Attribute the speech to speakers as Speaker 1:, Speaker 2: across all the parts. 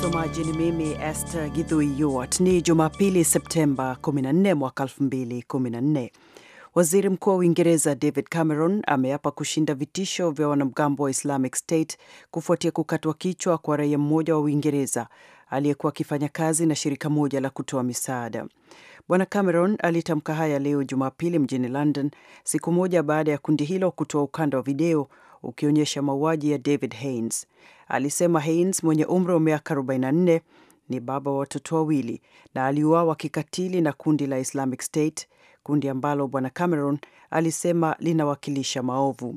Speaker 1: Msomaji ni mimi Esther Githui Yuart. Ni Jumapili, Septemba 14 mwaka 2014. Waziri Mkuu wa Uingereza David Cameron ameapa kushinda vitisho vya wanamgambo wa Islamic State kufuatia kukatwa kichwa kwa raia mmoja wa Uingereza aliyekuwa akifanya kazi na shirika moja la kutoa misaada. Bwana Cameron alitamka haya leo Jumapili mjini London, siku moja baada ya kundi hilo kutoa ukanda wa video ukionyesha mauaji ya David Haines alisema Haynes mwenye umri wa miaka 44 ni baba wa watoto wawili na aliuawa kikatili na kundi la Islamic State, kundi ambalo bwana Cameron alisema linawakilisha maovu.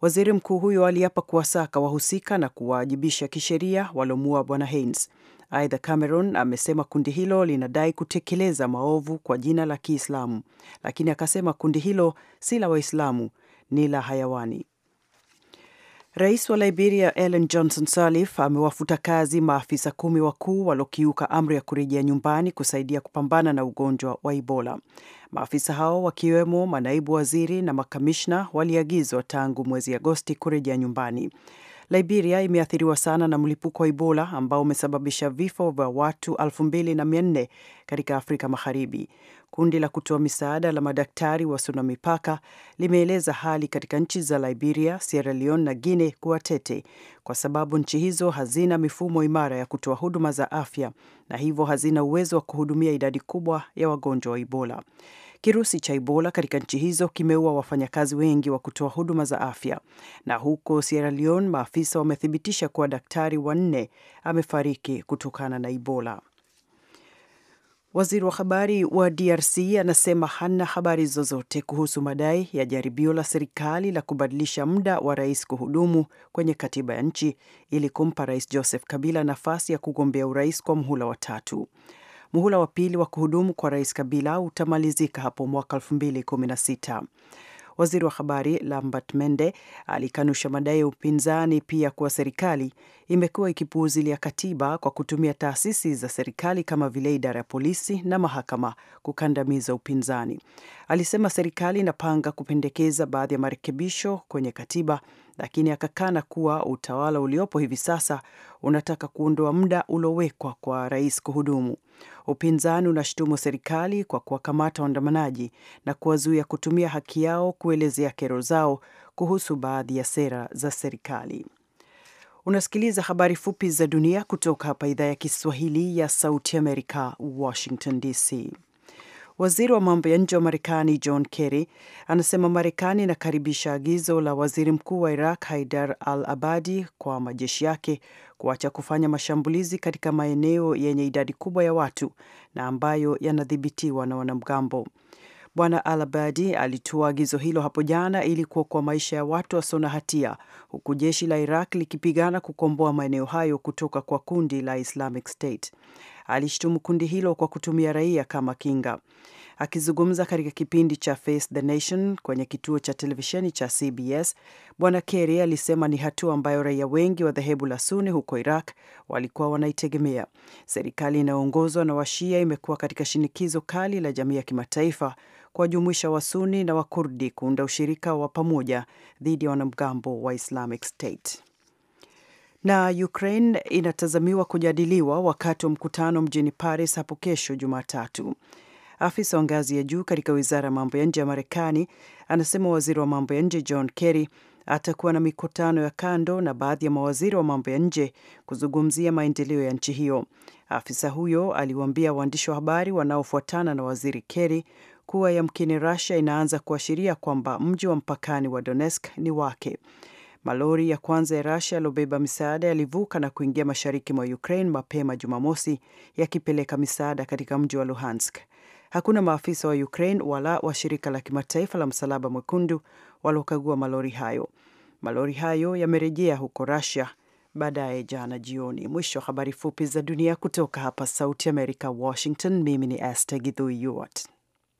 Speaker 1: Waziri mkuu huyo aliapa kuwasaka wahusika na kuwaajibisha kisheria walomua bwana Haynes. Aidha, Cameron amesema kundi hilo linadai kutekeleza maovu kwa jina la Kiislamu, lakini akasema kundi hilo si la Waislamu, ni la hayawani. Rais wa Liberia Ellen Johnson Sirleaf amewafuta kazi maafisa kumi wakuu waliokiuka amri ya kurejea nyumbani kusaidia kupambana na ugonjwa wa Ebola. Maafisa hao wakiwemo manaibu waziri na makamishna waliagizwa tangu mwezi Agosti kurejea nyumbani. Liberia imeathiriwa sana na mlipuko wa Ebola ambao umesababisha vifo vya watu 2400 katika Afrika Magharibi. Kundi la kutoa misaada la madaktari wasio na mipaka limeeleza hali katika nchi za Liberia, Sierra Leone na Guinea kuwa tete kwa sababu nchi hizo hazina mifumo imara ya kutoa huduma za afya na hivyo hazina uwezo wa kuhudumia idadi kubwa ya wagonjwa wa Ebola. Kirusi cha Ebola katika nchi hizo kimeua wafanyakazi wengi wa kutoa huduma za afya, na huko Sierra Leone maafisa wamethibitisha kuwa daktari wanne amefariki kutokana na Ebola. Waziri wa habari wa DRC anasema hana habari zozote kuhusu madai ya jaribio la serikali la kubadilisha muda wa rais kuhudumu kwenye katiba ya nchi ili kumpa rais Joseph Kabila nafasi ya kugombea urais kwa mhula wa tatu. Muhula wa pili wa kuhudumu kwa Rais Kabila utamalizika hapo mwaka 2016. Waziri wa habari Lambert Mende alikanusha madai ya upinzani pia kuwa serikali imekuwa ikipuuzilia katiba kwa kutumia taasisi za serikali kama vile idara ya polisi na mahakama kukandamiza upinzani. Alisema serikali inapanga kupendekeza baadhi ya marekebisho kwenye katiba lakini akakana kuwa utawala uliopo hivi sasa unataka kuondoa muda uliowekwa kwa rais kuhudumu. Upinzani unashutumu serikali kwa kuwakamata waandamanaji na kuwazuia kutumia haki yao kuelezea ya kero zao kuhusu baadhi ya sera za serikali. Unasikiliza habari fupi za dunia kutoka hapa idhaa ya Kiswahili ya Sauti Amerika, Washington DC. Waziri wa mambo ya nje wa Marekani John Kerry anasema Marekani inakaribisha agizo la waziri mkuu wa Iraq Haidar al Abadi kwa majeshi yake kuacha kufanya mashambulizi katika maeneo yenye idadi kubwa ya watu na ambayo yanadhibitiwa na wanamgambo. Bwana al Abadi alitoa agizo hilo hapo jana ili kuokoa maisha ya watu wasio na hatia, huku jeshi la Iraq likipigana kukomboa maeneo hayo kutoka kwa kundi la Islamic State alishtumu kundi hilo kwa kutumia raia kama kinga. Akizungumza katika kipindi cha Face the Nation kwenye kituo cha televisheni cha CBS, Bwana Kerry alisema ni hatua ambayo raia wengi wa dhehebu la Suni huko Iraq walikuwa wanaitegemea. Serikali inayoongozwa na Washia imekuwa katika shinikizo kali la jamii ya kimataifa kuwajumuisha Wasuni na Wakurdi kuunda ushirika wa pamoja dhidi ya wanamgambo wa Islamic State na Ukraine inatazamiwa kujadiliwa wakati wa mkutano mjini Paris hapo kesho Jumatatu. Afisa wa ngazi ya juu katika wizara ya mambo ya nje ya Marekani anasema waziri wa mambo ya nje John Kerry atakuwa na mikutano ya kando na baadhi ya mawaziri wa mambo ya nje kuzungumzia maendeleo ya nchi hiyo. Afisa huyo aliwaambia waandishi wa habari wanaofuatana na waziri Kerry kuwa yamkini Russia inaanza kuashiria kwamba mji wa mpakani wa Donetsk ni wake. Malori ya kwanza ya rusia yaliyobeba misaada yalivuka na kuingia mashariki mwa Ukraine mapema Jumamosi, yakipeleka misaada katika mji wa Luhansk. Hakuna maafisa wa Ukraine wala wa shirika la kimataifa la Msalaba Mwekundu waliokagua malori hayo. Malori hayo yamerejea huko rusia baadaye jana jioni. Mwisho wa habari fupi za dunia kutoka hapa Sauti Amerika, Washington. Mimi ni Aste Gidhui Yuart.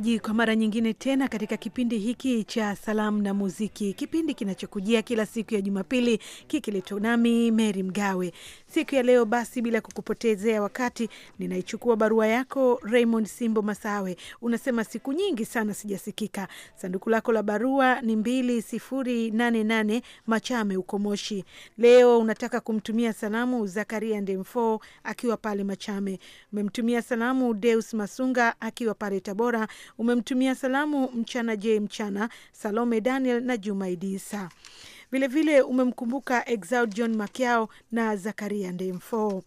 Speaker 2: msikilizaji, kwa mara nyingine tena katika kipindi hiki cha salamu na muziki, kipindi kinachokujia kila siku ya Jumapili, kikiletwa nami Meri Mgawe siku ya leo. Basi bila kukupotezea wakati, ninaichukua barua yako Raymond Simbo Masawe. Unasema siku nyingi sana sijasikika. Sanduku lako la barua ni mbili sifuri nane nane Machame huko Moshi. Leo unataka kumtumia salamu Zakaria Ndemfo akiwa pale Machame, umemtumia salamu Deus Masunga akiwa pale Tabora, umemtumia salamu Mchana J Mchana, Salome Daniel na Jumaidi Vilevile umemkumbuka Exaud John Makiao na Zakaria Ndemfo.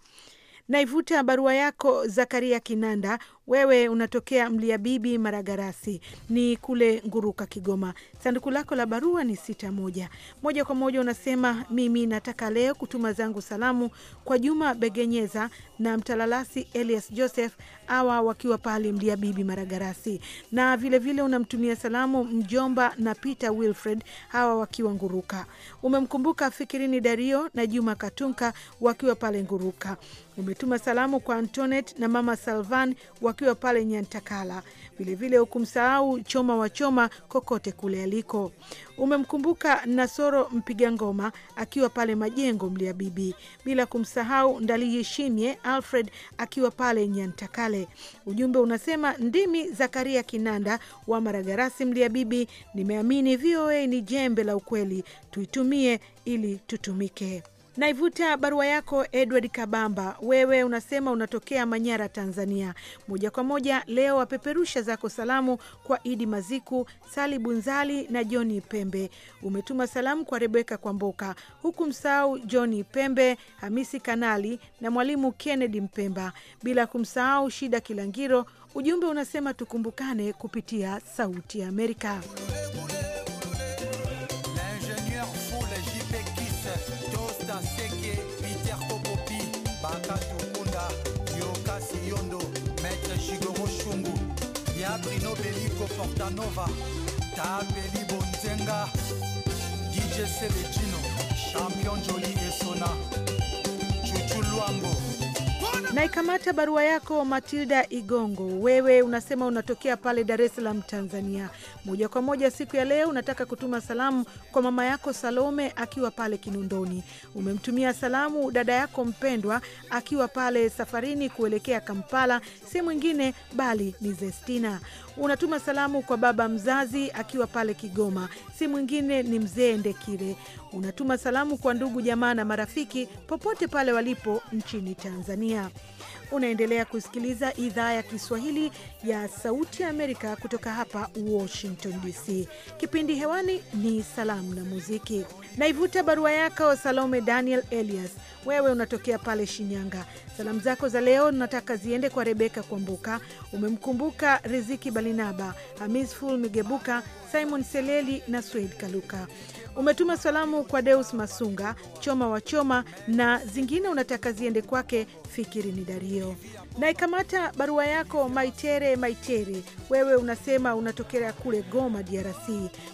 Speaker 2: Naivuta barua yako Zakaria Kinanda wewe unatokea Mliabibi Maragarasi, ni kule Nguruka, Kigoma. Sanduku lako la barua ni sita moja moja kwa moja. Unasema mimi nataka leo kutuma zangu salamu kwa Juma Begenyeza na Mtalalasi Elias Joseph, awa wakiwa pale Mliabibi Maragarasi, na vilevile vile unamtumia salamu mjomba na Peter Wilfred, hawa wakiwa Nguruka. Umemkumbuka Fikirini Dario na Juma Katunka wakiwa pale Nguruka. Umetuma salamu kwa Antonet na mama Salvan wa wakiwa pale Nyantakala. Vilevile hukumsahau Choma wa Choma kokote kule aliko. Umemkumbuka Nasoro mpiga ngoma akiwa pale Majengo Mliabibi, bila kumsahau Ndaliyeshimye Alfred akiwa pale Nyantakale. Ujumbe unasema ndimi Zakaria Kinanda wa Maragarasi mlia bibi nimeamini VOA ni jembe la ukweli, tuitumie ili tutumike. Naivuta barua yako Edward Kabamba, wewe unasema unatokea Manyara, Tanzania. Moja kwa moja leo wapeperusha zako salamu kwa Idi Maziku, Sali Bunzali na Johni Pembe. Umetuma salamu kwa Rebeka Kwamboka, huku msahau Johni Pembe, Hamisi Kanali na Mwalimu kennedi Mpemba, bila kumsahau Shida Kilangiro. Ujumbe unasema tukumbukane kupitia Sauti ya Amerika.
Speaker 3: Portanova, Tapeli Bonzenga, DJ Selecino, Champion Joli Esona, Chuchu Luango.
Speaker 2: Naikamata barua yako Matilda Igongo, wewe unasema unatokea pale Dar es Salaam, Tanzania. Moja kwa moja siku ya leo unataka kutuma salamu kwa mama yako Salome akiwa pale Kinondoni. Umemtumia salamu dada yako mpendwa akiwa pale safarini kuelekea Kampala, si mwingine bali ni Zestina unatuma salamu kwa baba mzazi akiwa pale Kigoma, si mwingine ni mzee Ndekile. Unatuma salamu kwa ndugu jamaa na marafiki popote pale walipo nchini Tanzania. Unaendelea kusikiliza idhaa ya Kiswahili ya Sauti ya Amerika kutoka hapa Washington DC. Kipindi hewani ni Salamu na Muziki. Naivuta barua yako Salome Daniel Elias, wewe unatokea pale Shinyanga. Salamu zako za leo nataka ziende kwa Rebeka Kwambuka, umemkumbuka Riziki Balinaba, Hamis Ful Migebuka, Simon Seleli na Swed Kaluka. Umetuma salamu kwa Deus Masunga, Choma wa Choma na zingine unataka ziende kwake Fikiri ni Dario ikamata barua yako Maitere Maitere, wewe unasema unatokea kule Goma, DRC.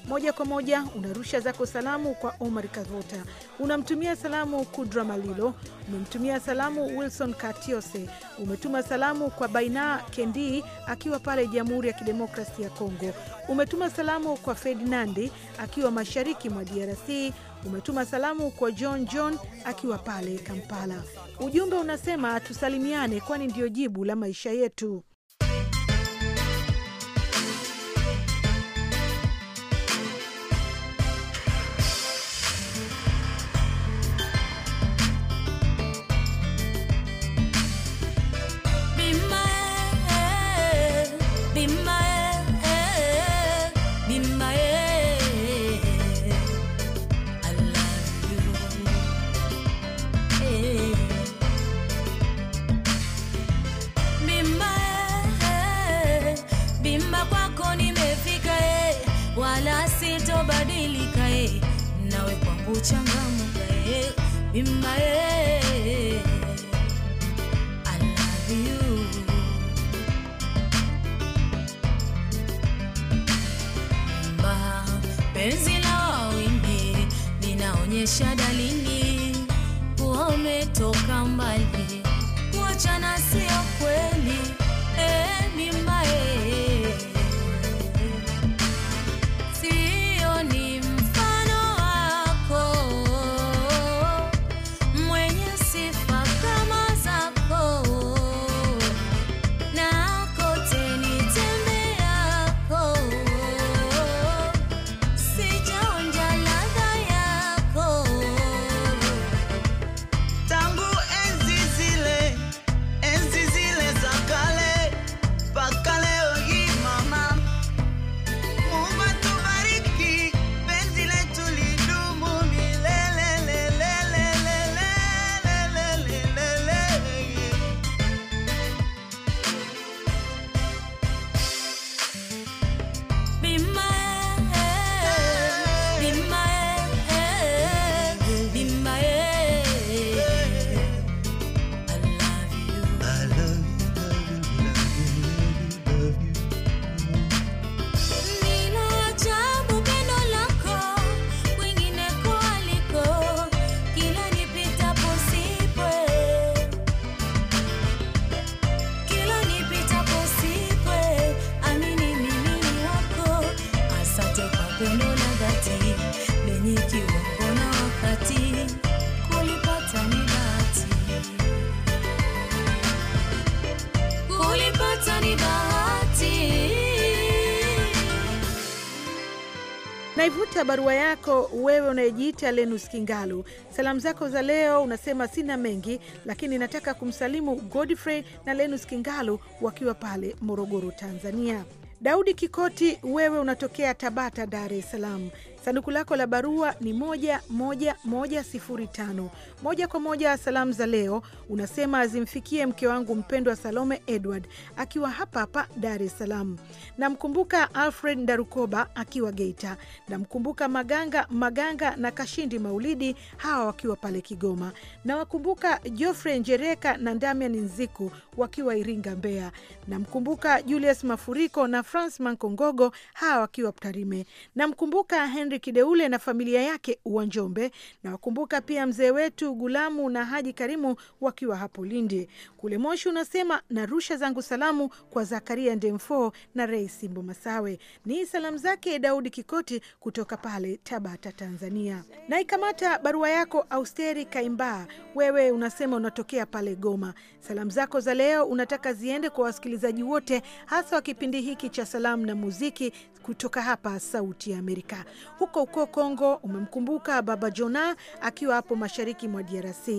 Speaker 2: Moja kwa moja unarusha zako salamu kwa Omar Kavota, unamtumia salamu Kudra Malilo, umemtumia salamu Wilson Katiose, umetuma salamu kwa Baina Kendi akiwa pale Jamhuri ya Kidemokrasi ya Kongo, umetuma salamu kwa Ferdinandi akiwa mashariki mwa DRC umetuma salamu kwa John John akiwa pale Kampala. Ujumbe unasema tusalimiane, kwani ndio jibu la maisha yetu. Tuanza barua yako wewe unayejiita Lenus Kingalu. Salamu zako za leo unasema sina mengi, lakini nataka kumsalimu Godfrey na Lenus Kingalu wakiwa pale Morogoro, Tanzania. Daudi Kikoti, wewe unatokea Tabata, Dar es Salaam. Sanduku lako la barua ni moja moja moja sifuri tano. Moja kwa moja salamu za leo unasema zimfikie mke wangu mpendwa Salome Edward akiwa hapa hapa Dar es Salaam. Namkumbuka Alfred Ndarukoba akiwa Geita. Namkumbuka Maganga Maganga na Kashindi Maulidi, hawa wakiwa pale Kigoma. Nawakumbuka jofre Njereka na Damian Nziku wakiwa Iringa, Mbeya. Namkumbuka Julius Mafuriko na franc Mankongogo, hawa wakiwa ptarime Namkumbuka Henry Kideule na familia yake wa Njombe, na wakumbuka pia mzee wetu Gulamu na Haji Karimu wakiwa hapo Lindi. Kule Moshi unasema narusha zangu salamu kwa Zakaria Ndemfo na Rei Simbo Masawe, ni salamu zake Daudi Kikoti kutoka pale Tabata, Tanzania. Naikamata barua yako Austeri Kaimba, wewe unasema unatokea pale Goma. Salamu zako za leo unataka ziende kwa wasikilizaji wote, hasa wa kipindi hiki cha salamu na muziki kutoka hapa Sauti ya Amerika huko huko Kongo umemkumbuka Baba Jona akiwa hapo mashariki mwa DRC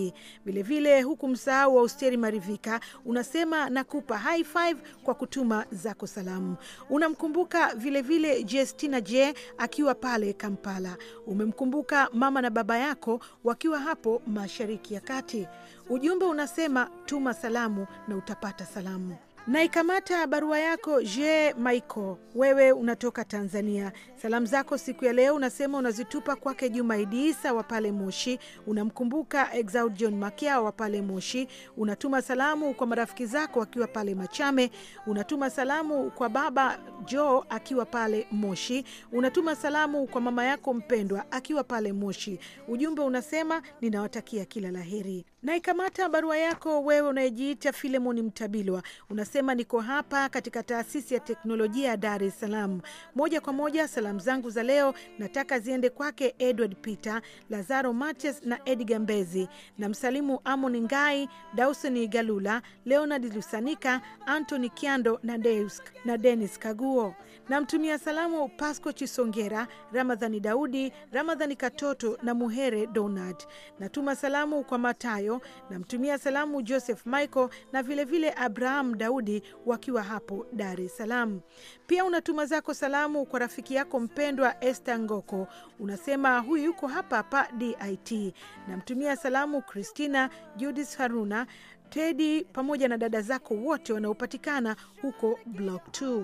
Speaker 2: vilevile, huku msahau wa Usteri Marivika unasema nakupa high five kwa kutuma zako salamu. Unamkumbuka vilevile Jestina J akiwa pale Kampala, umemkumbuka mama na baba yako wakiwa hapo mashariki ya kati. Ujumbe unasema tuma salamu na utapata salamu. Naikamata barua yako. Je, Michael, wewe unatoka Tanzania. Salamu zako siku ya leo unasema unazitupa kwake Juma Idiisa wa pale Moshi, unamkumbuka Exaud John Makia wa pale Moshi, unatuma salamu kwa marafiki zako akiwa pale Machame, unatuma salamu kwa baba Jo akiwa pale Moshi, unatuma salamu kwa mama yako mpendwa akiwa pale Moshi. Ujumbe unasema ninawatakia kila laheri. Naikamata barua yako wewe unayejiita Filemoni Mtabilwa, unasema niko hapa katika taasisi ya teknolojia ya Dar es Salaam. Moja kwa moja, salamu zangu za leo nataka ziende kwake Edward Peter, Lazaro Matias na Edgar Mbezi, na msalimu Amon Ngai, dausoni Galula, Leonard Lusanika, antony Kiando na Deus na denis Kaguo. Namtumia salamu Pasco Chisongera, Ramadhani Daudi, Ramadhani Katoto na Muhere Donald. Natuma salamu kwa Matayo hayo. Namtumia salamu Joseph Michael na vilevile vile Abraham Daudi wakiwa hapo Dar es Salaam. Pia unatuma zako salamu kwa rafiki yako mpendwa Esther Ngoko, unasema huyu yuko hapa hapa DIT. Namtumia salamu Christina judis Haruna Tedi pamoja na dada zako wote wanaopatikana huko block 2.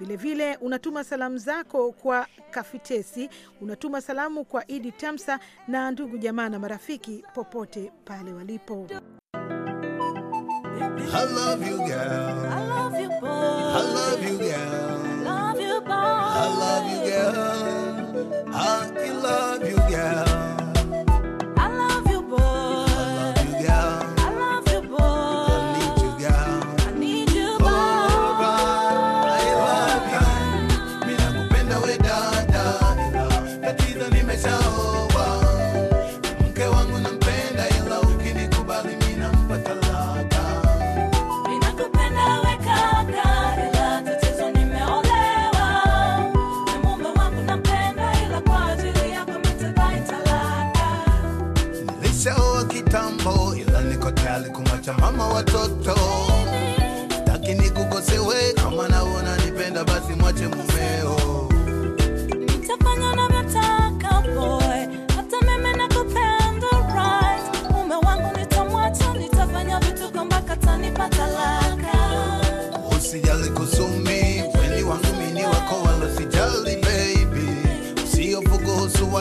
Speaker 2: Vilevile unatuma salamu zako kwa Kafitesi, unatuma salamu kwa Idi Tamsa na ndugu jamaa na marafiki popote pale walipo. I
Speaker 4: love you girl.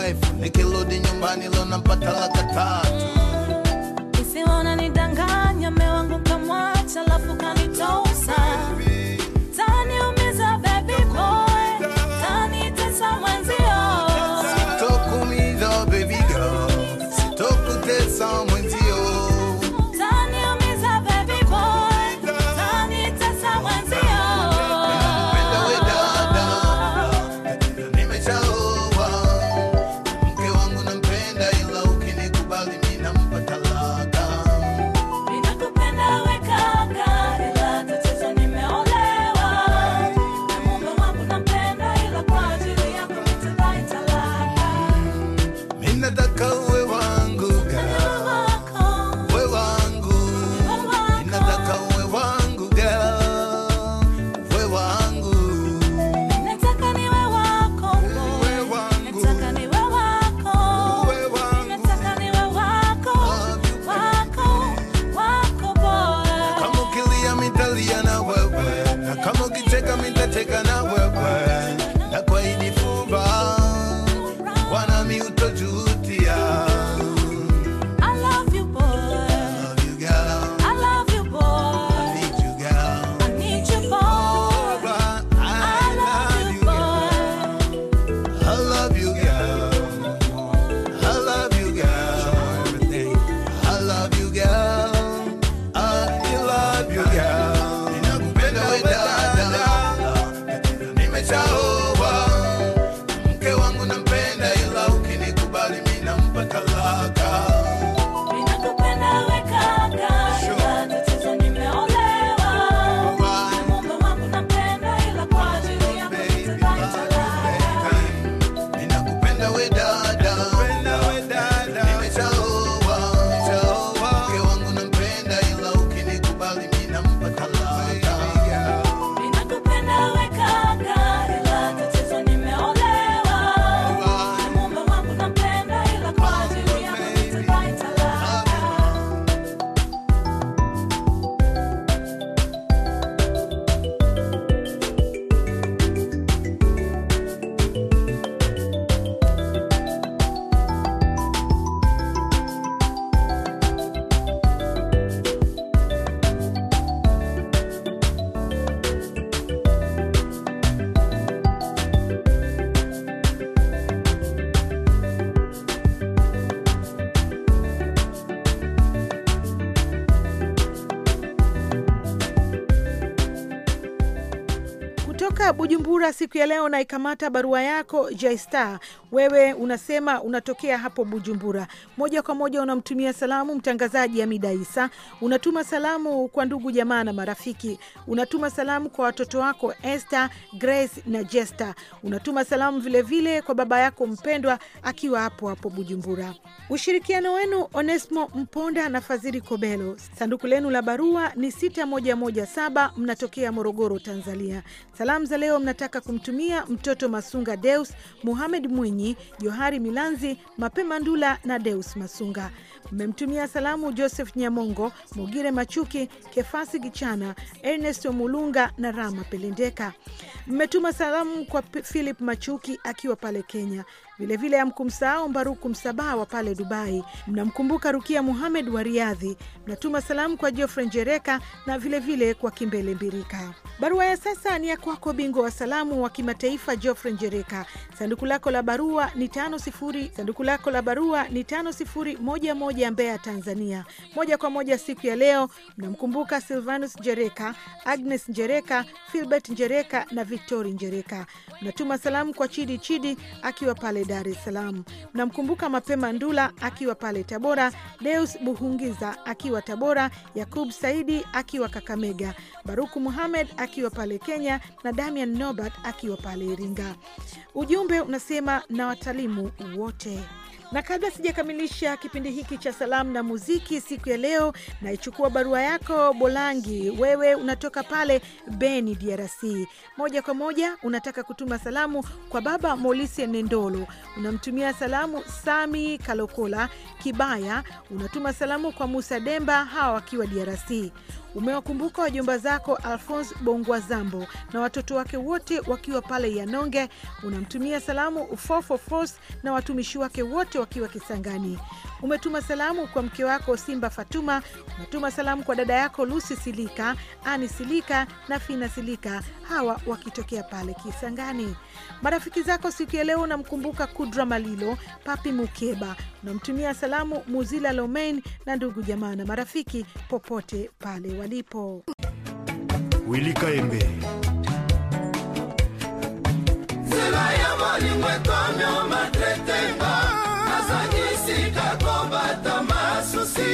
Speaker 4: wife nikiload nyumbani leo napata laki
Speaker 2: kutoka Bujumbura siku ya leo naikamata barua yako Jaistar. Wewe unasema unatokea hapo Bujumbura moja kwa moja, unamtumia salamu mtangazaji Amida Isa, unatuma salamu kwa ndugu jamaa na marafiki, unatuma salamu kwa watoto wako Esther, Grace na Jesta, unatuma salamu vilevile vile kwa baba yako mpendwa akiwa hapo hapo Bujumbura. Ushirikiano wenu Onesmo Mponda na Fadhili Kobelo. Sanduku lenu la barua ni 6117 mnatokea Morogoro, Tanzania. Salamu za leo mnataka kumtumia mtoto Masunga Deus, Muhamed Mwinyi, Johari Milanzi, Mapema Ndula na Deus Masunga. Mmemtumia salamu Joseph Nyamongo, Mogire Machuki, Kefasi Gichana, Ernesto Mulunga na Rama Pelendeka. Mmetuma salamu kwa Philip Machuki akiwa pale Kenya, Vilevile hamkumsahau Mbaruku Msabaa wa pale Dubai, mnamkumbuka Rukia Muhamed wa Riadhi, mnatuma salamu kwa Jofre Njereka na vilevile vile kwa Kimbele Mbirika. Barua ya sasa ni ya kwako, bingwa wa salamu wa kimataifa Jofre Njereka. Sanduku lako la barua ni tano sifuri, sanduku lako la barua ni tano sifuri moja moja, Mbeya, Tanzania. Moja kwa moja siku ya leo mnamkumbuka Silvanus Njereka, Agnes Njereka, Filbert Njereka na Victori Njereka. Mnatuma salamu kwa Chidi Chidi akiwa pale Dar es Salaam. Mnamkumbuka mapema Ndula akiwa pale Tabora, Deus Buhungiza akiwa Tabora, Yakub Saidi akiwa Kakamega, Baruku Muhamed akiwa pale Kenya na Damian Nobat akiwa pale Iringa. Ujumbe unasema na watalimu wote na kabla sijakamilisha kipindi hiki cha salamu na muziki siku ya leo, naichukua barua yako Bolangi. Wewe unatoka pale Beni, DRC. Moja kwa moja unataka kutuma salamu kwa baba Molise Nendolo, unamtumia salamu Sami Kalokola Kibaya, unatuma salamu kwa Musa Demba, hawa wakiwa DRC umewakumbuka wajomba zako Alphonse Bongwazambo na watoto wake wote wakiwa pale Yanonge. Unamtumia salamu Ufofo Fos na watumishi wake wote wakiwa Kisangani. Umetuma salamu kwa mke wako Simba Fatuma. Umetuma salamu kwa dada yako Lusi Silika, Ani Silika na Fina Silika, hawa wakitokea pale Kisangani. Marafiki zako siku ya leo unamkumbuka Kudra Malilo, Papi Mukeba. Unamtumia salamu Muzila Lomain na ndugu jamaa na marafiki popote pale walipo.
Speaker 5: Willy Kaembe nzela ya molimo ekomi matretenga
Speaker 3: nazangisika kobata masusi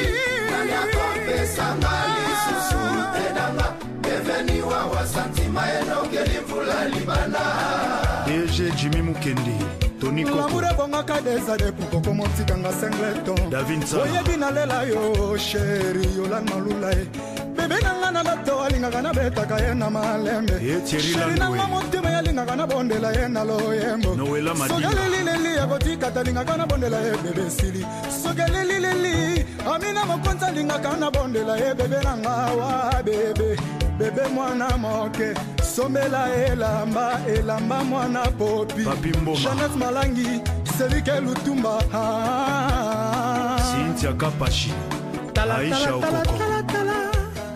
Speaker 3: nani akopesanga lisusu tenanga deveni wawa santima enokeli mvula libanda mikokolamour ebongaka desade pokoko motikanga
Speaker 5: singleton oyebi
Speaker 3: nalela yo sheri yolan malula ye bebe nanga na bato alingaka nabetaka ye na malembe sheri nanga motema yalingaka nabondela ye na loyembo soki alelileli akotikata alingaka nabondela ye bebe sili soki alelileli amina mokonzi alingaka nabondela ye bebe nanga wa bebe bebe mwana moke somela elamba elamba mwana popi janet malangi selike lutumba
Speaker 5: sintia kapashi aisha okoko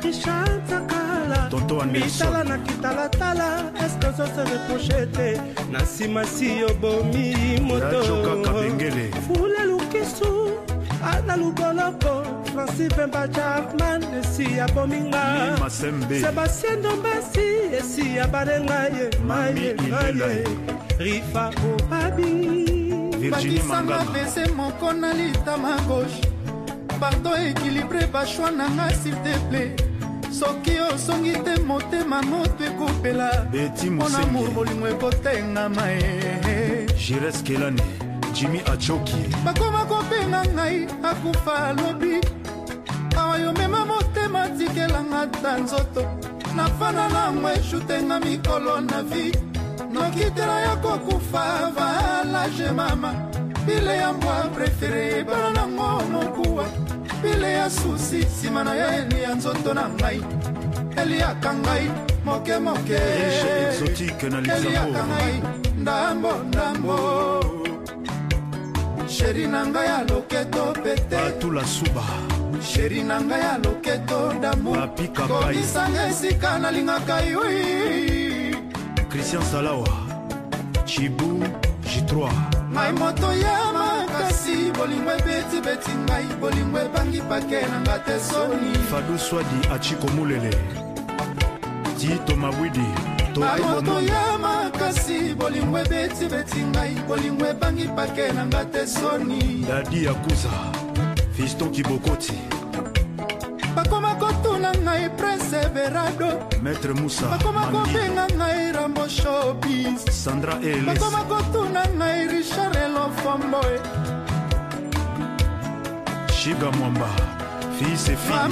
Speaker 3: richard sakala mitala na kitalatala eske ozose reproche te na nsimasi yobomi moto fula lukisu ana luboloko franci vemba chapman esi
Speaker 5: abominga sebastien
Speaker 3: dombasi esi abalenga ye mayelinga ye rifa obabi bakisanga pese moko na litama gauche pardo ekilibre bashwa na nga sildepla soki osongi te motema moto ekopela
Speaker 5: mpona mour molimo ekotengama e jireskelane jimi acoki
Speaker 3: bakoma kobenga ngai akufa alobi yo mema motema tikelanga ta nzoto nafana nango eshutenga mikolo na vi nokitela ya kokufa valage mama bile ya mbwa prefere bana nango mokuwa bile ya susi nsima na yo eli ya nzoto na ngai eliaka ngai mokemoke eliaka ngai ndambo ndambo sheri na ngai ya loketo pete atula suba sheri na ngai ya
Speaker 5: loketo dabukomisanga esika nalingaka ywi christian salawa chibu j3
Speaker 3: ngai moto ya makasi bolingo ebetibeti ngai bolingo ebangi pake nanga te soni
Speaker 5: fadu swadi achikomulele tito mabwidi bamoto ya makasi bolingo ebetibeti ngai bolingo ebangi pake nanga te soni dadi yakuza fisto kibokoti
Speaker 3: ngai prince everado
Speaker 5: maître musa bakoma kobenga ngai rambo shopis sandra eles bakoma
Speaker 3: kotuna ngai richard elofomboe
Speaker 5: shiga mwamba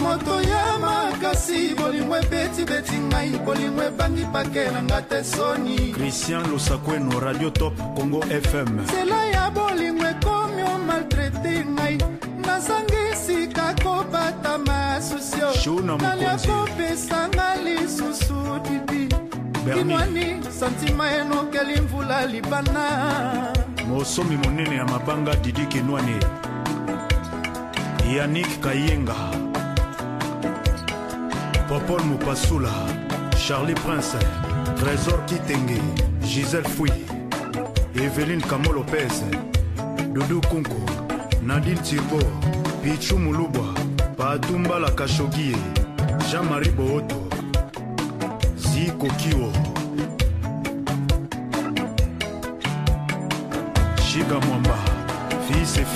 Speaker 3: moto ya makasi bolingo ebetibeti ngai bolingo ebangi pake na
Speaker 5: nga te soni christian losakweno radio top congo fm
Speaker 3: nzela ya bolingo ekomi o maltraite ngai nazangi shona mokonzikopesanga lisusu tipi
Speaker 5: kinwani
Speaker 3: santima enokeli mvula libana
Speaker 5: mosomi monene ya mabanga didi kinwani yanik kayenga popol mopasula charlie prince trésor kitenge gisele fui eveline kamo lopez dudu kunku nadine tirgo pichu mulubwa patumbala kashogie jean-marie booto zikokiwo shika mwamba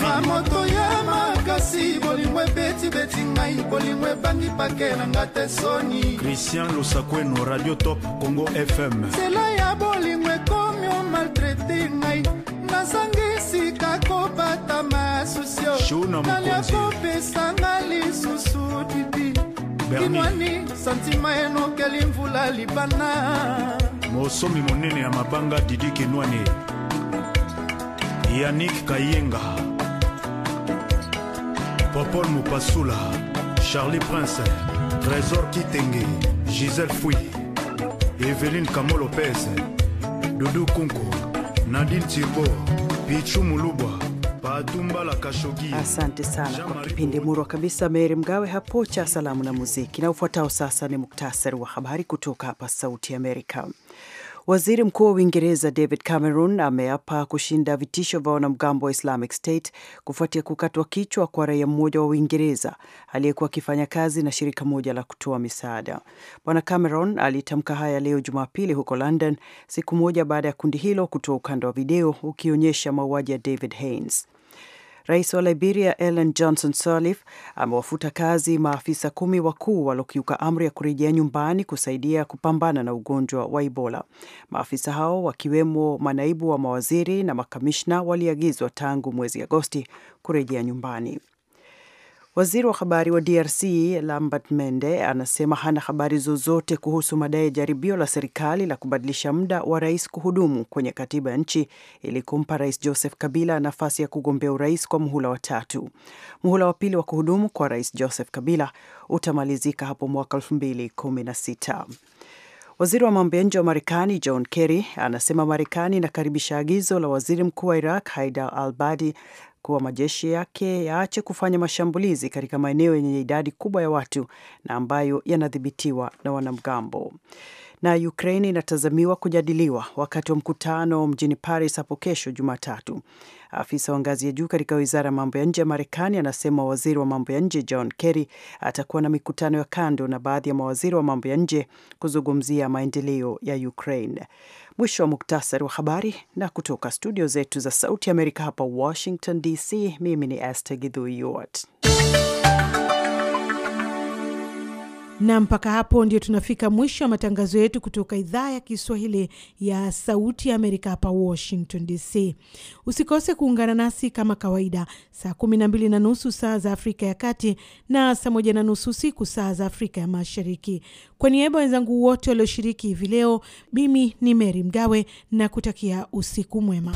Speaker 3: mamoto ya makasi bolingo ebetibeti ngai bolingo
Speaker 5: ebangi pake na nga te soni christian losakweno radio top congo fm
Speaker 3: nzela ya bolingo ekomi o maltraite ngai nazangi esika kobatama susio nalia
Speaker 5: bernwani
Speaker 3: santima enokeli mvula libana
Speaker 5: mosomi monene ya mabanga didi kenwane yanik kayenga popol mopasula charlie prince trésor kitenge gisele fui eveline kamo lopez dudu kunku nadine tirbo pichu mulubwa
Speaker 1: Asante sana kwa kipindi murwa kabisa, Meri Mgawe hapo cha salamu na muziki. Na ufuatao sasa ni muktasari wa habari kutoka hapa Sauti ya Amerika. Waziri Mkuu wa Uingereza David Cameron ameapa kushinda vitisho vya wanamgambo wa Islamic State kufuatia kukatwa kichwa kwa raia mmoja wa Uingereza aliyekuwa akifanya kazi na shirika moja la kutoa misaada. Bwana Cameron alitamka haya leo Jumapili huko London, siku moja baada ya kundi hilo kutoa ukanda wa video ukionyesha mauaji ya David Haines. Rais wa Liberia Ellen Johnson Sirleaf amewafuta kazi maafisa kumi wakuu waliokiuka amri ya kurejea nyumbani kusaidia kupambana na ugonjwa wa Ebola. Maafisa hao wakiwemo manaibu wa mawaziri na makamishna waliagizwa tangu mwezi Agosti kurejea nyumbani. Waziri wa habari wa DRC Lambert Mende anasema hana habari zozote kuhusu madai ya jaribio la serikali la kubadilisha muda wa rais kuhudumu kwenye katiba ya nchi ili kumpa rais Joseph Kabila nafasi ya kugombea urais kwa muhula wa tatu. Muhula wa pili wa kuhudumu kwa rais Joseph Kabila utamalizika hapo mwaka 216 Waziri wa mambo ya nje wa Marekani John Kerry anasema Marekani inakaribisha agizo la waziri mkuu wa Iraq Haidar al-Abadi kuwa majeshi yake yaache kufanya mashambulizi katika maeneo yenye idadi kubwa ya watu na ambayo yanadhibitiwa na wanamgambo. Na Ukraine inatazamiwa kujadiliwa wakati wa mkutano mjini Paris hapo kesho Jumatatu. Afisa wa ngazi ya juu katika wizara ya mambo ya nje ya Marekani anasema waziri wa mambo ya nje John Kerry atakuwa na mikutano ya kando na baadhi ya mawaziri wa mambo ya nje kuzungumzia maendeleo ya Ukraine. Mwisho wa muktasari wa habari, na kutoka studio zetu za Sauti ya Amerika hapa Washington DC, mimi ni Aster Gidhui Yuart.
Speaker 2: na mpaka hapo ndio tunafika mwisho wa matangazo yetu kutoka idhaa ya Kiswahili ya Sauti ya Amerika hapa Washington DC. Usikose kuungana nasi kama kawaida saa kumi na mbili na nusu saa za Afrika ya Kati na saa moja na nusu usiku saa za Afrika ya Mashariki. Kwa niaba wenzangu wote walioshiriki hivi leo, mimi ni mery Mgawe na kutakia usiku mwema.